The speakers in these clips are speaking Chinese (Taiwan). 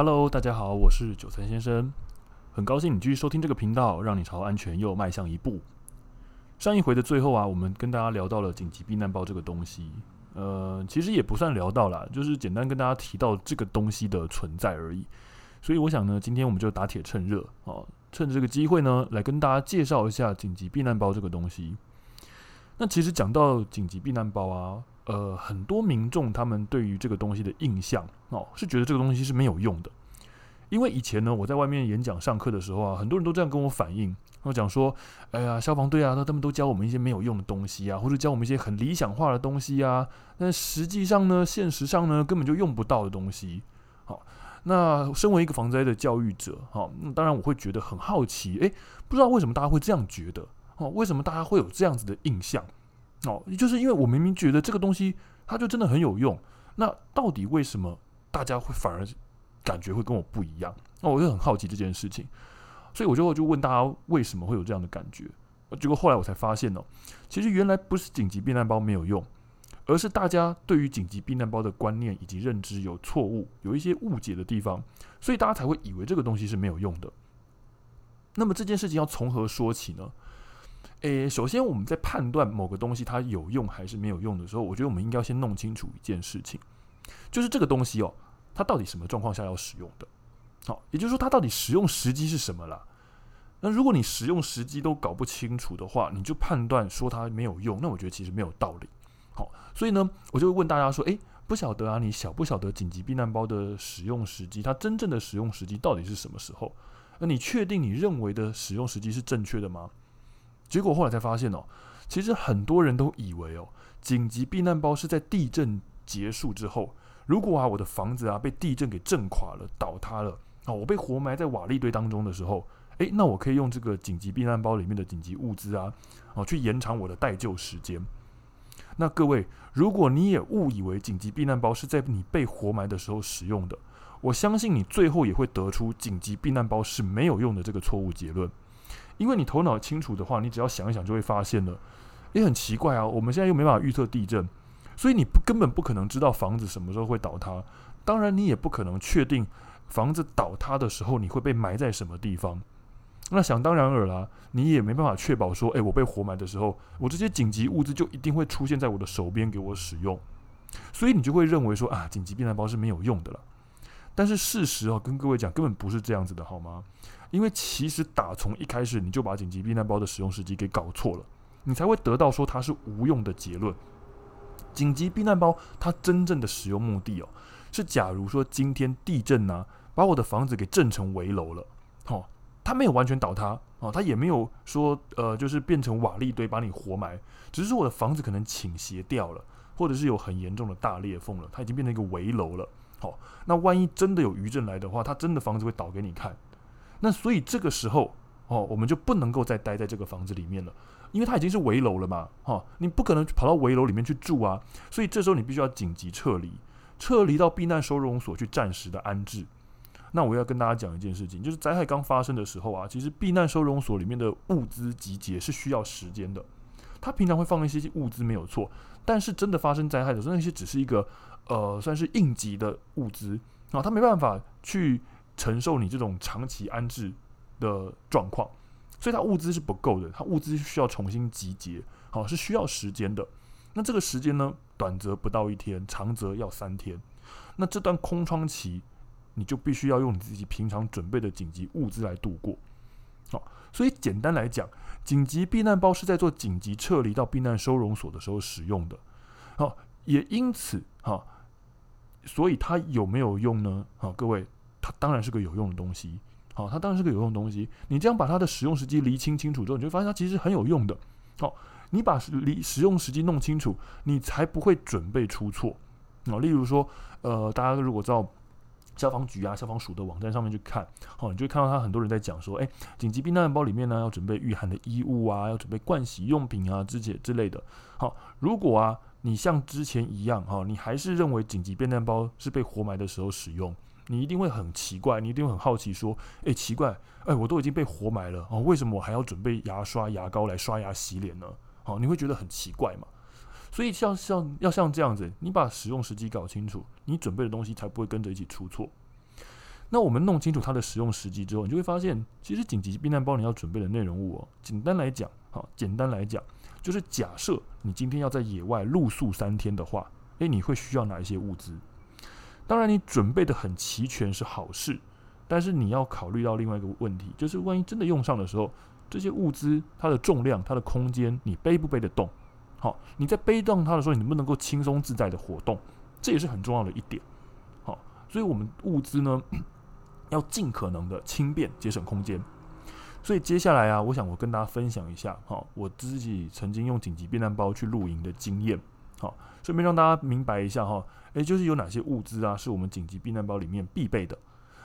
Hello，大家好，我是九三先生，很高興你繼續收聽這個頻道，讓你朝安全又邁向一步。上一回的最後啊，我們跟大家聊到了緊急避難包這個東西，呃，其實也不算聊到了，就是簡單跟大家提到這個東西的存在而已。所以我想呢，今天我們就打鐵趁熱啊、哦，趁着這個機會呢，來跟大家介紹一下緊急避難包這個東西。那其實講到緊急避難包啊。呃，很多民眾他們對於這個東西的印象哦，是覺得這個東西是沒有用的，因為以前呢，我在外面演講上課的時候啊，很多人都這樣跟我反映，我講說，哎呀，消防隊啊，那他們都教我們一些沒有用的東西啊，或者教我們一些很理想化的東西啊，但實際上呢，現實上呢，根本就用不到的東西。好，那身為一個防災的教育者，好，那當然我會覺得很好奇，哎，不知道為什麼大家會這樣覺得，哦，為什麼大家會有這樣子的印象？哦，就是因為我明明覺得這個東西它就真的很有用，那到底為什麼大家會反而感覺會跟我不一樣？那我就很好奇這件事情，所以我就我就問大家為什麼會有這樣的感覺？結果後來我才發現呢，其實原來不是緊急避難包沒有用，而是大家對於緊急避難包的觀念以及認知有錯誤，有一些誤解的地方，所以大家才會以為這個東西是沒有用的。那麼這件事情要從何說起呢？誒，首先我們在判斷某個東西它有用還是沒有用的時候，我覺得我們應該要先弄清楚一件事情，就是這個東西哦，它到底什麼狀況下要使用的好，也就是說它到底使用時機是什麼啦？那如果你使用時機都搞不清楚的話，你就判斷說它沒有用，那我覺得其實沒有道理。好，所以呢，我就會問大家說，誒，不曉得啊，你曉不曉得緊急避難包的使用時機？它真正的使用時機到底是什麼時候？那你確定你認為的使用時機是正確的嗎？結果後來才發現哦，其實很多人都以為哦，緊急避難包是在地震結束之後，如果啊我的房子啊被地震給震垮了、倒塌了啊、哦，我被活埋在瓦礫堆當中的時候，誒，那我可以用這個緊急避難包裡面的緊急物資啊，啊、哦，去延長我的待救時間。那各位，如果你也誤以為緊急避難包是在你被活埋的時候使用的，我相信你最後也會得出緊急避難包是沒有用的這個錯誤結論。因為你頭腦清楚的話，你只要想一想就會發現了。也很奇怪啊，我們現在又沒辦法預測地震，所以你不根本不可能知道房子什麼時候會倒塌。當然，你也不可能確定房子倒塌的時候你會被埋在什麼地方。那想當然爾啦、啊，你也沒辦法確保說，哎，我被活埋的時候，我這些緊急物資就一定會出現在我的手邊給我使用。所以你就會認為說啊，緊急避難包是沒有用的了。但是事實哦、啊，跟各位講，根本不是這樣子的，好嗎？因為其實打從一開始，你就把緊急避難包的使用時機給搞錯了，你才會得到說它是無用的結論。緊急避難包它真正的使用目的哦，是假如說今天地震吶、啊，把我的房子給震成危樓了，哦，它沒有完全倒塌哦，它也沒有說呃，就是變成瓦礫堆把你活埋，只是說我的房子可能傾斜掉了，或者是有很嚴重的大裂縫了，它已經變成一個危樓了。哦，那萬一真的有餘震來的話，它真的房子會倒給你看。那所以這個時候哦，我們就不能夠再待在這個房子裡面了，因為它已經是危樓了嘛，哈、哦，你不可能跑到危樓裡面去住啊。所以這時候你必須要緊急撤離，撤離到避難收容所去暫時的安置。那我要跟大家講一件事情，就是災害剛發生的時候啊，其實避難收容所裡面的物資集結是需要時間的。他平常會放一些物資沒有錯，但是真的發生災害的時候，那些只是一個呃算是應急的物資啊、哦，他沒辦法去。承受你這種長期安置的狀況，所以它物資是不夠的，它物資需要重新集結，好，是需要時間的。那這個時間呢，短則不到一天，長則要三天。那這段空窗期，你就必須要用你自己平常準備的緊急物資來度過。好，所以簡單來講，緊急避難包是在做緊急撤離到避難收容所的時候使用的。好，也因此，好，所以它有沒有用呢？好，各位。它當然是個有用的東西，好，它當然是個有用的東西。你這樣把它的使用時機釐清清楚之後，你就會發現它其實很有用的。好，你把使使用時機弄清楚，你才不會準備出錯。啊，例如說，呃，大家如果到消防局啊、消防署的網站上面去看，好，你就會看到他很多人在講說，哎、欸，緊急避難包裡面呢要準備御寒的衣物啊，要準備盥洗用品啊，這些之類的。好，如果啊你像之前一樣，哈，你還是認為緊急避難包是被活埋的時候使用。你一定會很奇怪，你一定會很好奇，說，哎、欸，奇怪，哎、欸，我都已經被活埋了哦，為什麼我還要準備牙刷、牙膏來刷牙洗臉呢？好、哦，你會覺得很奇怪嘛？所以像像要像這樣子，你把使用時機搞清楚，你準備的東西才不會跟着一起出錯。那我們弄清楚它的使用時機之後，你就會發現，其實緊急避難包你要準備的內容物哦，簡單來講，好、哦，簡單來講，就是假設你今天要在野外露宿三天的話，誒、欸，你會需要哪一些物資？當然，你準備的很齊全是好事，但是你要考慮到另外一個問題，就是萬一真的用上的時候，這些物資它的重量、它的空間，你背不背得動？好，你在背動它的時候，你能不能夠輕鬆自在的活動？這也是很重要的一點。好，所以我們物資呢，要盡可能的輕便，節省空間。所以接下來啊，我想我跟大家分享一下，好，我自己曾經用緊急變難包去露營的經驗。好，順便讓大家明白一下哈，誒、欸，就是有哪些物資啊，是我們緊急避難包裡面必備的。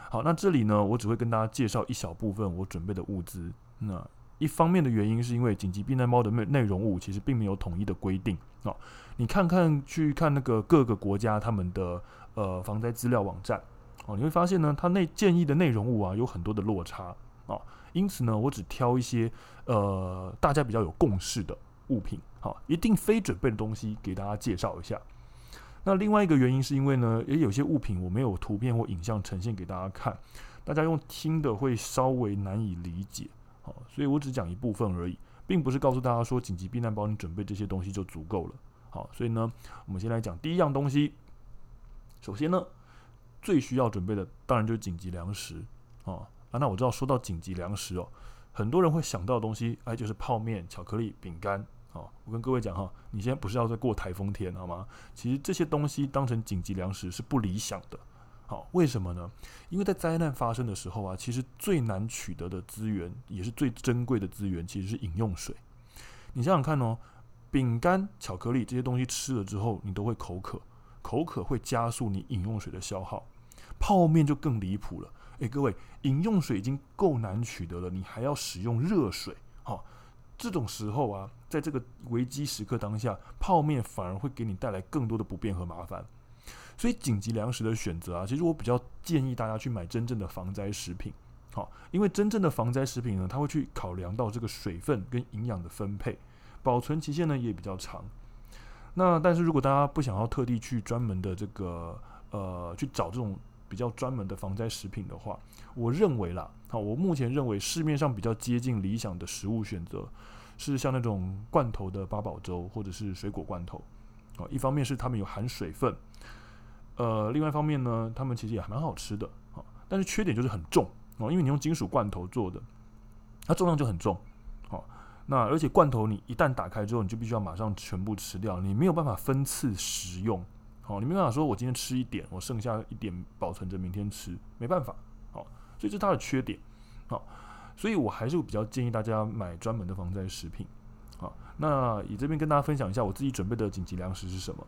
好，那這裡呢，我只會跟大家介紹一小部分我準備的物資。那一方面的原因是因為緊急避難包的內內容物其實並沒有統一的規定啊。你看看去看那個各個國家他們的呃防災資料網站哦，你會發現呢，它那建議的內容物啊有很多的落差哦，因此呢，我只挑一些呃大家比較有共識的。物品好，一定非準備的東西給大家介紹一下。那另外一個原因是因為呢，也有些物品我沒有圖片或影像呈現給大家看，大家用聽的會稍微難以理解，好，所以我只講一部分而已，並不是告訴大家說緊急避難包你準備這些東西就足夠了。好，所以呢，我們先來講第一樣東西。首先呢，最需要準備的當然就是緊急糧食啊，那我知道說到緊急糧食哦。很多人會想到的東西，哎，就是泡麵、巧克力、餅乾，好，我跟各位講哈，你現在不是要再過颱風天，好嗎？其實這些東西當成緊急糧食是不理想的，好，為什麼呢？因為在災難發生的時候啊，其實最難取得的資源，也是最珍貴的資源，其實是飲用水。你想想看哦，餅乾、巧克力這些東西吃了之後，你都會口渴，口渴會加速你飲用水的消耗，泡麵就更離譜了。誒，各位，飲用水已經夠難取得了，你還要使用熱水，哈，這種時候啊，在這個危機時刻當下，泡麵反而會給你帶來更多的不便和麻煩。所以，緊急糧食的選擇啊，其實我比較建議大家去買真正的防災食品，好，因為真正的防災食品呢，它會去考量到這個水分跟營養的分配，保存期限呢也比較長。那但是如果大家不想要特地去專門的這個呃去找這種。比較專門的防災食品的話，我認為啦，好，我目前認為市面上比較接近理想的食物選擇是像那種罐頭的八寶粥或者是水果罐頭，啊，一方面是它們有含水分，呃，另外一方面呢，它們其實也蠻好吃的，啊，但是缺點就是很重，哦，因為你用金屬罐頭做的，它重量就很重，好，那而且罐頭你一旦打開之後，你就必須要馬上全部吃掉，你沒有辦法分次食用。好，你沒辦法說，我今天吃一點，我剩下一點保存着明天吃，沒辦法。好，所以這是它的缺點。好，所以我還是比較建議大家買專門的防災食品。好，那以這邊跟大家分享一下我自己準備的緊急糧食是什麼。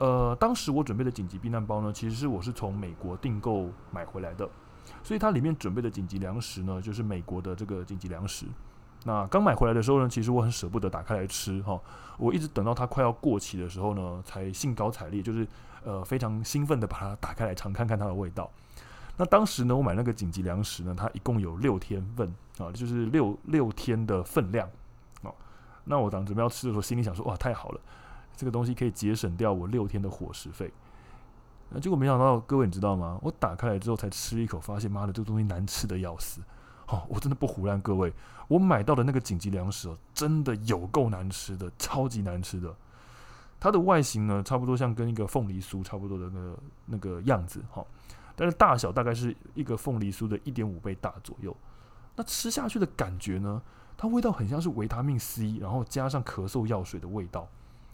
呃，當時我準備的緊急避難包呢，其實是我是從美國訂購買回來的，所以它裡面準備的緊急糧食呢，就是美國的這個緊急糧食。那剛買回來的時候呢，其實我很捨不得打開來吃哈。我一直等到它快要過期的時候呢，才興高采烈，就是呃非常興奮地把它打開來嘗看看它的味道。那當時呢，我買那個緊急糧食呢，它一共有六天份啊，就是六六天的分量。那我當時準備要吃的時候，心裡想說，哇，太好了，這個東西可以節省掉我六天的伙食費。那結果沒想到，各位你知道嗎？我打開來之後才吃一口，發現媽的，這個東西難吃的要死。哦，我真的不唬爛，各位，我買到的那個緊急糧食哦，真的有夠難吃的，超級難吃的。它的外形呢，差不多像跟一個鳳梨酥差不多的那個那個樣子，哈、哦。但是大小大概是一個鳳梨酥的一點五倍大左右。那吃下去的感覺呢，它味道很像是維他命 C，然後加上咳嗽藥水的味道。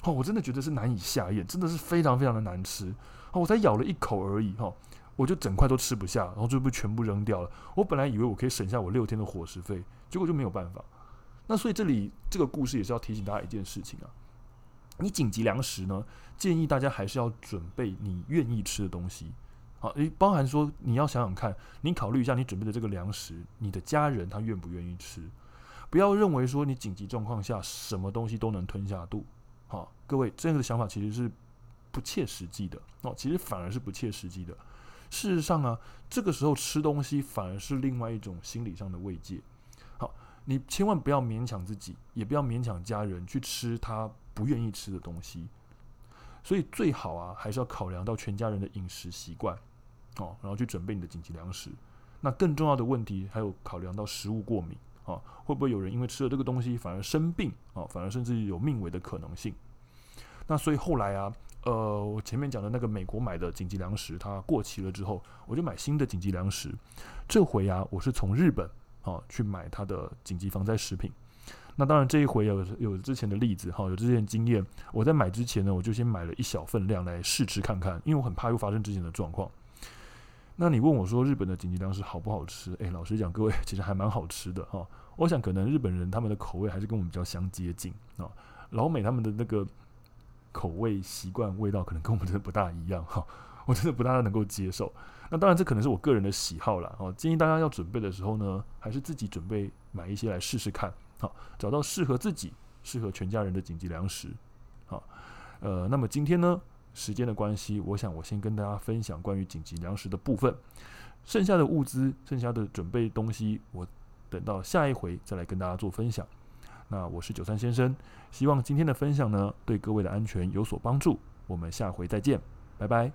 哦，我真的覺得是難以下咽，真的是非常非常的難吃。哦，我才咬了一口而已，哈、哦。我就整塊都吃不下，然後最後全部扔掉了。我本來以為我可以省下我六天的伙食費，結果就沒有辦法。那所以這裡這個故事也是要提醒大家一件事情啊：你緊急糧食呢，建議大家還是要準備你願意吃的東西。好，誒，包含說你要想想看，你考慮一下你準備的這個糧食，你的家人他願不願意吃？不要認為說你緊急狀況下什麼東西都能吞下肚。好，各位這樣的想法其實是不切實際的哦，其實反而是不切實際的。事實上啊，這個時候吃東西反而是另外一種心理上的慰藉。好，你千萬不要勉強自己，也不要勉強家人去吃他不願意吃的東西。所以最好啊，還是要考量到全家人的飲食習慣，哦，然後去準備你的緊急糧食。那更重要的問題還有考量到食物過敏，啊、哦，會不會有人因為吃了這個東西反而生病，啊、哦，反而甚至有命危的可能性？那所以後來啊。呃，我前面講的那個美國買的緊急糧食，它過期了之後，我就買新的緊急糧食。這回啊，我是從日本啊、哦、去買它的緊急防災食品。那當然這一回有有之前的例子哈、哦，有之前經驗。我在買之前呢，我就先買了一小份量來試吃看看，因為我很怕又發生之前的狀況。那你問我說日本的緊急糧食好不好吃？哎，老實講，各位其實還蠻好吃的哈、哦。我想可能日本人他們的口味還是跟我們比較相接近啊、哦。老美他們的那個。口味習慣、味道可能跟我們真的不大一樣哈，我真的不大能夠接受。那當然，這可能是我個人的喜好啦。哦，建議大家要準備的時候呢，還是自己準備買一些來試試看，好，找到適合自己、適合全家人的緊急糧食。好，呃，那麼今天呢，時間的關係，我想我先跟大家分享關於緊急糧食的部分，剩下的物資、剩下的準備東西，我等到下一回再來跟大家做分享。那，我是九三先生，希望今天的分享呢，對各位的安全有所幫助。我們下回再見，拜拜。